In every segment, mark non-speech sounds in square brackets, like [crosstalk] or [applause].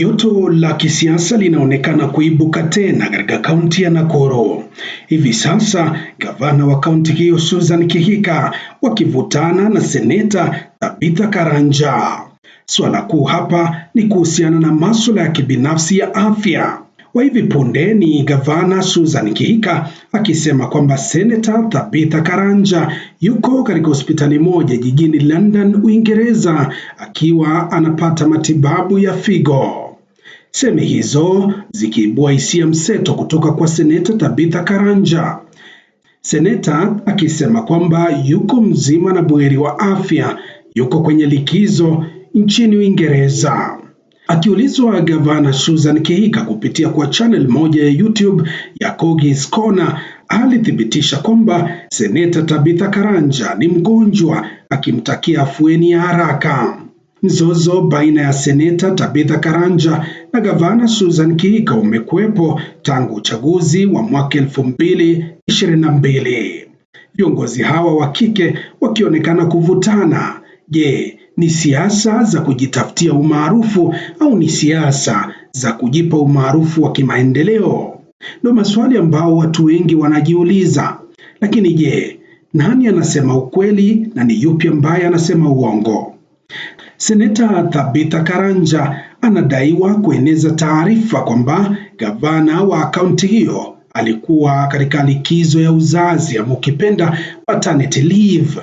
Joto la kisiasa linaonekana kuibuka tena katika kaunti ya Nakuru. Hivi sasa gavana wa kaunti hiyo Susan Kihika wakivutana na seneta Tabitha Karanja. Swala kuu hapa ni kuhusiana na masuala ya kibinafsi ya afya. kwa hivi punde ni gavana Susan Kihika akisema kwamba seneta Tabitha Karanja yuko katika hospitali moja jijini London, Uingereza akiwa anapata matibabu ya figo. Semi hizo zikiibua hisia mseto kutoka kwa Seneta Tabitha Karanja, seneta akisema kwamba yuko mzima na buheri wa afya, yuko kwenye likizo nchini Uingereza. Akiulizwa gavana Susan Kihika kupitia kwa channel moja ya YouTube ya Kogi's Corner alithibitisha kwamba seneta Tabitha Karanja ni mgonjwa, akimtakia afueni ya haraka. Mzozo baina ya seneta Tabitha Karanja na Gavana Susan Kihika umekuwepo tangu uchaguzi wa mwaka elfu mbili ishirini na mbili. Viongozi hawa wa kike wakionekana kuvutana. Je, ni siasa za kujitafutia umaarufu au ni siasa za kujipa umaarufu wa kimaendeleo? Ndio maswali ambao watu wengi wanajiuliza. Lakini je, nani anasema ukweli na ni yupi ambaye anasema uongo? Seneta Thabita Karanja anadaiwa kueneza taarifa kwamba gavana wa kaunti hiyo alikuwa katika likizo ya uzazi ama ukipenda paternity leave.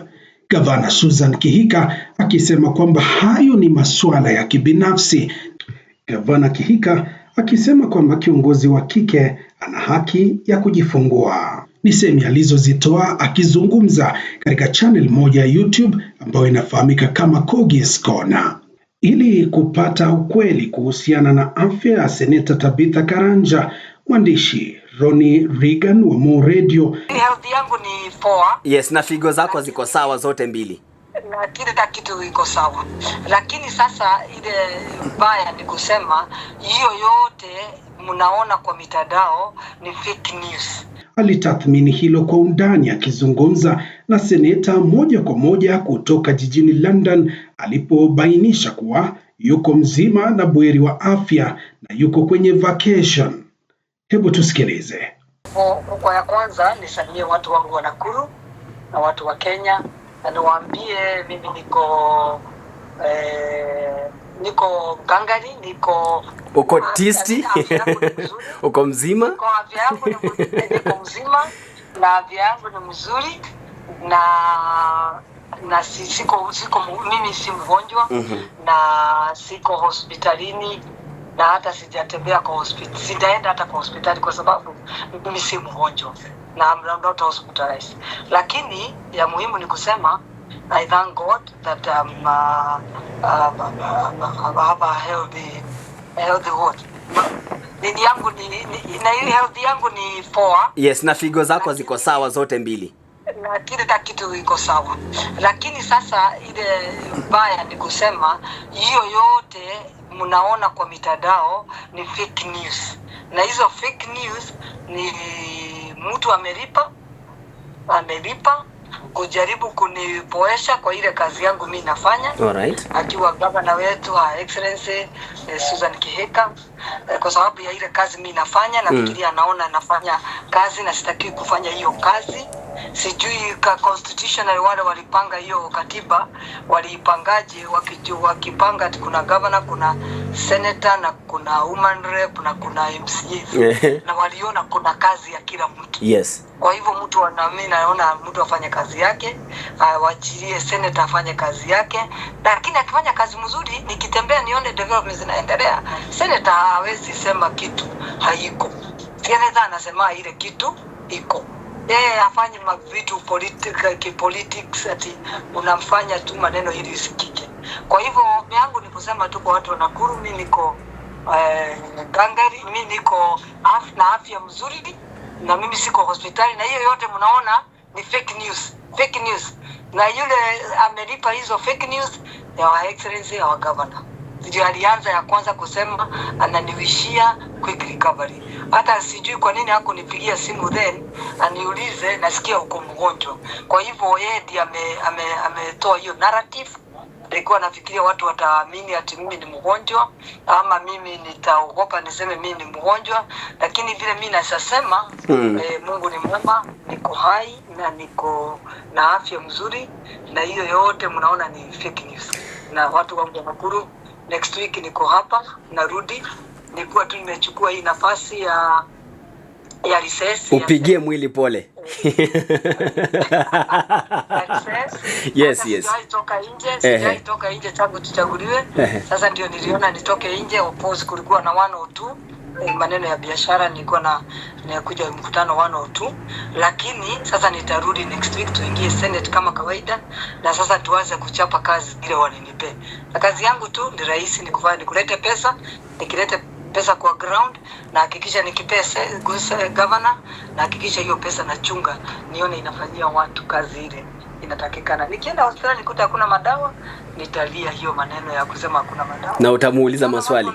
Gavana Susan Kihika akisema kwamba hayo ni masuala ya kibinafsi. Gavana Kihika akisema kwamba kiongozi wa kike ana haki ya kujifungua. Ni semi alizozitoa akizungumza katika channel moja ya YouTube ambayo inafahamika kama Kogi's Corner ili kupata ukweli kuhusiana na afya ya Seneta Tabitha Karanja. Mwandishi Roni regan wa Mo Radio. Health yangu ni poa. Yes, na figo zako ziko sawa zote mbili na ta kitu iko sawa, lakini sasa ile mbaya ni kusema hiyo yote mnaona kwa mitandao ni fake news alitathmini hilo kwa undani akizungumza na seneta moja kwa moja kutoka jijini London alipobainisha kuwa yuko mzima na bweri wa afya na yuko kwenye vacation. Hebu tusikilize. Kwa ya kwanza nisalimie watu wangu wa Nakuru na watu wa Kenya na niwaambie mimi niko eh, niko gangari, niko uko tisti, [laughs] uko mzima, niko mzima na afya yangu ni mzuri na na si, siko, siko mimi si mgonjwa mm -hmm. na siko hospitalini na hata sijatembea kwa hospitali, sijaenda hata kwa hospitali kwa sababu mimi si mgonjwa na I'm not lakini ya muhimu ni kusema I thank God that um, uh, uh, uh, uh have a healthy, healthy what? Nini yangu ni, ni, na hii health yangu ni poa. Yes, na figo zako ziko sawa zote mbili na ta kitu iko sawa, lakini sasa ile mbaya ni kusema hiyo yote mnaona kwa mitandao ni fake news, na hizo fake news ni mtu ameripa, ameripa kujaribu kunipoesha kwa ile kazi yangu mi nafanya right. Akiwa gavana wetu ha Excellency eh, Susan Kihika eh, kwa sababu ya ile kazi mi nafanya nafikiria, mm. Anaona nafanya kazi na sitakiwi kufanya hiyo kazi sijui ka constitutional wale walipanga hiyo katiba waliipangaje, wakipanga ati kuna governor, kuna senator na kuna human rep na kuna MCA na waliona kuna kazi ya kila mtu. Yes. Kwa hivyo mtu anami, naona mtu afanye kazi yake, awachilie senator afanye kazi yake, lakini akifanya kazi mzuri, nikitembea nione development zinaendelea, senator hawezi sema kitu haiko, senator anasema ile kitu iko yeye afanye mavitu kipolitics ati unamfanya tu maneno hili isikike. Kwa hivyo yangu ni kusema tu kwa watu wa Nakuru, mi niko eh, mi niko af, na afya mzuri na mimi siko hospitali, na hiyo yote mnaona ni fake news, fake news. Na yule amelipa hizo fake news ya wa excellency ya wa governor, ndio alianza ya kwanza kusema ananiwishia quick recovery hata sijui kwa nini hakunipigia simu then aniulize, nasikia uko mgonjwa. Kwa hivyo yeye ndiye ame, ame, hiyo narrative. Nilikuwa nafikiria watu wataamini ati mimi ni mgonjwa ama mimi nitaogopa niseme mimi ni mgonjwa, lakini vile mimi nasasema mm. E, eh, Mungu ni mwema, niko hai na niko na afya mzuri, na hiyo yote mnaona ni fake news. Na watu wangu wa Nakuru, next week niko hapa narudi ni kuwa tu nimechukua hii nafasi ya ya risesi upigie mwili pole [laughs] yes, yes. Toka nje sijai toka nje tangu tuchaguliwe. Sasa ndio niliona nitoke nje, opposite, kulikuwa na 102 eh, maneno ya biashara, nilikuwa na nakuja mkutano 102, lakini sasa nitarudi next week tuingie Senate kama kawaida, na sasa tuanze kuchapa kazi ile wananipe, Na kazi yangu tu ni rahisi, ni kufanya nikulete pesa nikilete pesa kwa ground, na hakikisha nikipesa governor, na hakikisha hiyo pesa nachunga, nione inafanyia watu kazi ile inatakikana. Nikienda hospitali nikuta hakuna madawa, nitalia hiyo maneno ya kusema hakuna madawa, na utamuuliza maswali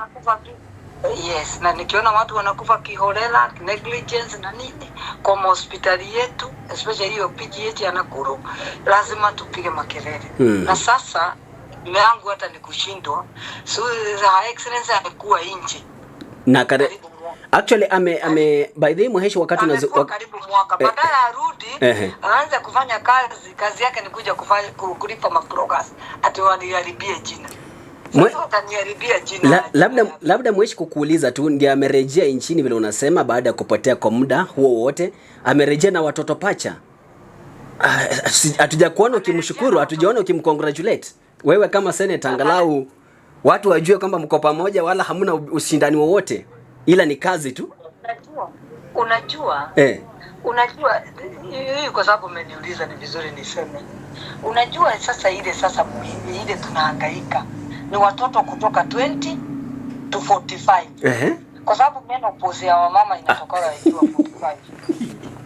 Yes, na nikiona watu wanakufa kiholela, negligence na nini kwa hospitali yetu, especially hiyo PGH ya Nakuru, lazima tupige makelele hmm. Na sasa yangu hata nikushindwa, so her excellence alikuwa nje na kare... Actually ame ame by the way Mheshi wakati na wak... karibu mwaka badala arudi eh, eh, aanze kufanya kazi. Kazi yake ni kuja kufanya kulipa maprogas, ati waniharibie jina Mwe... jina La, labda labda Mheshi kukuuliza tu, ndiye amerejea nchini vile unasema, baada ya kupotea kwa muda huo wote, amerejea na watoto pacha. Ah, hatujakuona ukimshukuru, hatujaona ukimcongratulate wewe kama senator angalau watu wajue kwamba mko pamoja wala hamna ushindani wowote, ila ni kazi tu. Unajua, unajua eh, unajua hii, kwa sababu umeniuliza, ni vizuri niseme. Unajua sasa ile sasa ile tunahangaika ni watoto kutoka 20 to 45 eh, kwa sababu menopause ya wamama inatoka ah, ikiwa 45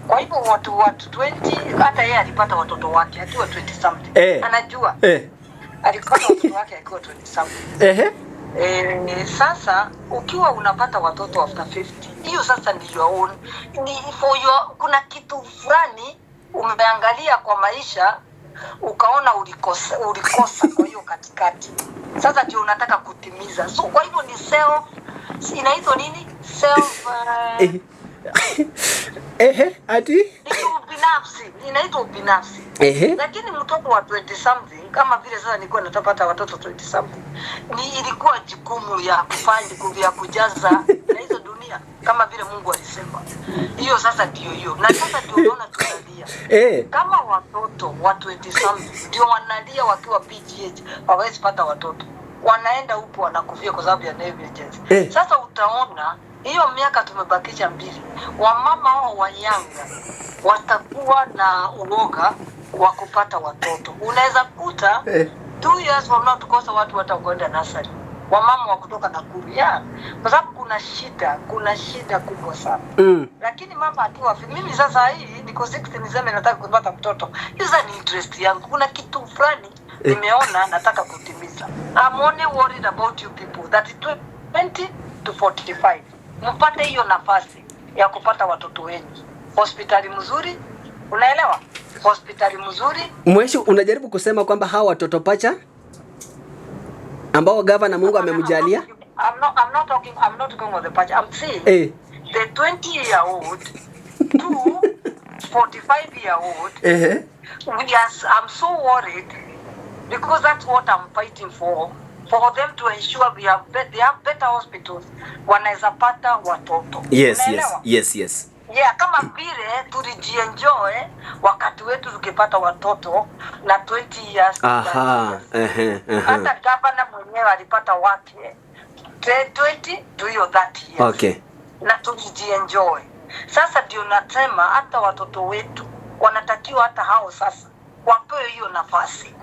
kwa hivyo watu watu 20 hata yeye alipata watoto wake akiwa 20 something eh, anajua eh alikosa watoto wake akiwa 27. Ehe. Eh, sasa ukiwa unapata watoto after 50, hiyo sasa ni your own, ni for your, kuna kitu fulani umeangalia kwa maisha ukaona ulikosa, ulikosa kwa hiyo katikati sasa ndio unataka kutimiza. So kwa hivyo ni self, inaitwa nini self uh, [laughs] Ehe, ati binafsi inaitwa ubinafsi. Ehe, lakini mtoto wa 20 something kama vile sasa nilikuwa natapata watoto 20 something, ni ilikuwa jukumu ya kufanya kuvya kujaza na hizo dunia kama vile Mungu alisema. Hiyo sasa ndio hiyo, na sasa ndio unaona tunalia [laughs] eh, kama watoto wa 20 something ndio wanalia wakiwa PGH hawawezi pata watoto, wanaenda huko wanakufia kwa sababu ya negligence. Eh. Sasa utaona hiyo miaka tumebakisha mbili, wamama hao wanyanga watakuwa na uoga wa kupata watoto. Unaweza kuta eh. two years from now tukosa watu hata watakwenda nasari, wamama wa kutoka Nakuru ya kwa sababu kuna shida, kuna shida kubwa sana mm. Lakini mama akiwafi, mimi sasa hii niko 60 niseme nataka kupata mtoto, hizo ni interest yangu. Kuna kitu fulani eh. nimeona nataka kutimiza. I'm only worried about you people that 20 to 45 mpate hiyo nafasi ya kupata watoto wenu hospitali mzuri, unaelewa, hospitali mzuri. Mweshi, unajaribu kusema kwamba hawa watoto pacha ambao gavana Mungu amemjalia I'm not, I'm not talking, I'm not the I'm saying eh. the 20 year old to 45 year old. Yes, I'm so worried because that's what I'm fighting for for them to ensure we have, be they have better hospitals wanaweza pata watoto. Yes, yes, yes, yes. Yeah, kama vile tulijienjoy wakati wetu tukipata watoto na 20 years. Aha, ehe, ehe. Hata gavana mwenyewe alipata wake 20 to 30 years. Okay. Na tulijienjoy. Sasa ndio nasema hata watoto wetu wanatakiwa hata hao sasa wapewe hiyo nafasi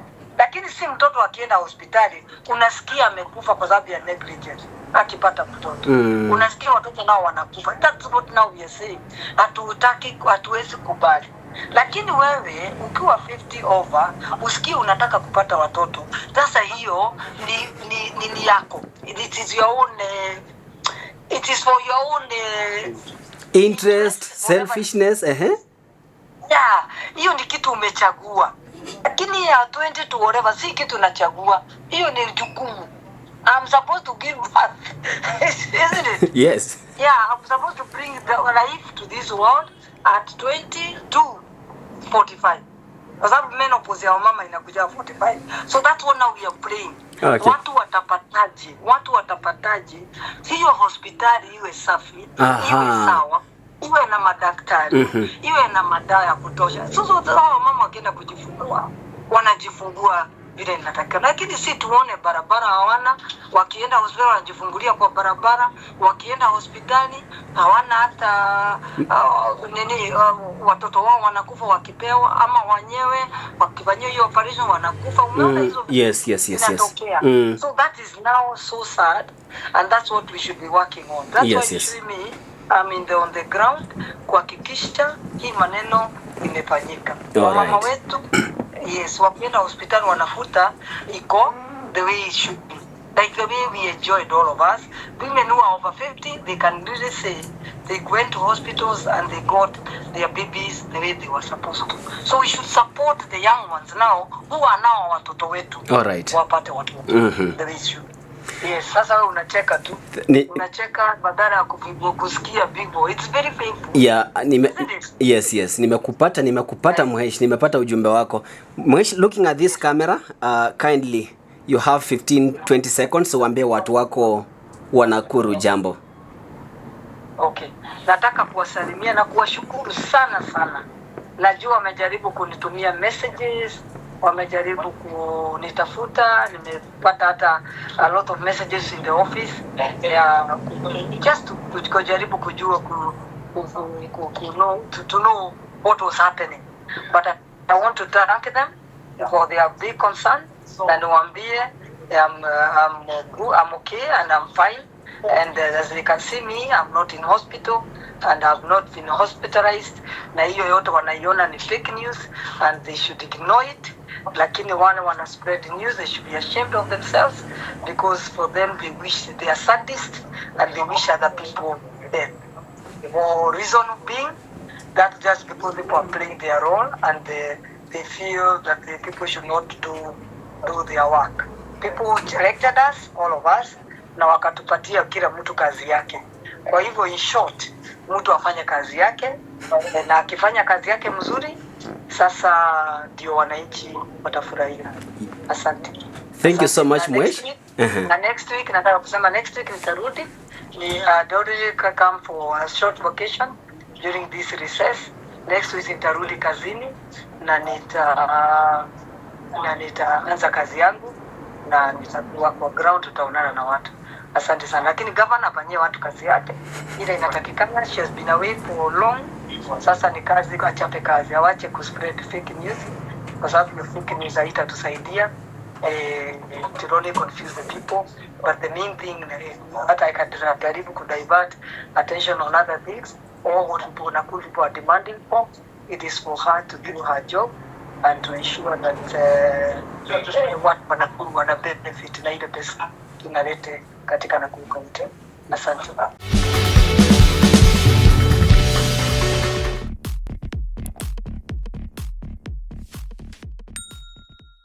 lakini si mtoto akienda hospitali unasikia amekufa kwa sababu ya negligence akipata mtoto mm. Unasikia watoto nao wanakufa. That's what now we are saying, hatutaki, hatuwezi kubali. Lakini wewe ukiwa 50 over usikii unataka kupata watoto, sasa hiyo ni ni, ni ni yako, it is your own, uh, it is for your own uh, interest, interest selfishness. Ehe, uh -huh. yeah, hiyo ni kitu umechagua lakini ya 20 to whatever si kitu nachagua, hiyo ni jukumu. I'm supposed to give birth [laughs] isn't it? Yes. Yeah, I'm supposed to bring the life to this world at 22:45. kwa sababu meno pozi ya mama inakuja 45 so that's what now we are praying. Ah, okay. Watu watapataje? Watu watapataje hiyo hospitali iwe safi, Aha. iwe sawa iwe na madaktari mm -hmm. iwe na madawa ya kutosha. Sasa hawa wamama wakienda kujifungua wanajifungua vile inatakiwa, lakini si tuone barabara hawana. Wakienda hospitali wanajifungulia kwa barabara, wakienda hospitali hawana hata uh, nini uh, watoto wao wanakufa wakipewa, ama wenyewe wakifanyia hiyo operation wanakufa. Umeona mm, hizo mm, yes, yes, yes, yes. Mm. So that is now so sad and that's what we should be working on. That's yes, why yes. Me, I'm in the on the ground kuhakikisha hii maneno imefanyika. Mama right. wetu yes, wapenda hospitali wanafuta iko the way it should be like the way we enjoyed all of us women who are over 50 they can really say they went to hospitals and they got their babies the way they were supposed to so we should support the young ones now who are now watoto wetu all right wapate watoto mm -hmm. the way it should be Yes, eh, sasa wewe unacheka tu. Ni, unacheka badala ya kusikia It's very painful. Yeah, nime, yes, yes. Nimekupata, nimekupata yeah. Mhesh, nimepata ujumbe wako. Mhesh, looking at this camera, uh, kindly you have 15 20 seconds uambie watu wako wanakuru jambo. Okay. Nataka kuwasalimia na kuwashukuru sana sana. Najua wamejaribu kunitumia messages wamejaribu kunitafuta, nimepata hata a lot of messages in the office ya just kujaribu kujua ku, ku, ku, ku know, to, to know what was happening but I, I want to thank them for their big concern na niwaambie I'm, I'm, I'm okay and I'm fine and uh, as they can see me I'm not in hospital and have not been hospitalized, na hiyo yote wanaiona ni fake news and they should ignore it lakini wale wana spread news they should be ashamed of themselves because for them they wish they are sadist and they wish other people dead for reason being that just because people are playing their role and they, they feel that the people should not do, do their work. People elected us, all of us, na wakatupatia kila mtu kazi yake. Kwa hivyo in short, mtu afanye kazi yake na akifanya kazi yake mzuri sasa ndio wananchi watafurahia. Asante. Thank you so much Mwesh. Uh-huh. Na next week nataka kusema next week nitarudi ni uh, come for a short vacation during this recess. Next week nitarudi kazini na nita na nitaanza kazi yangu na nitakuwa kwa ground, tutaonana na watu. Asante sana, lakini governor afanyie watu kazi yake ile inatakikana. She has been away for long sasa ni kazi, achape kazi, awache kuspread fake news, kwa sababu ni fake news haitatusaidia. Eh, it only confuse the people but the main thing that eh, I can jaribu ku divert attention on other things or what people na cool people demanding for it is for her to do her job and to ensure that uh, what Nakuru wana benefit na ile pesa tunalete katika Nakuru County. Asante sana.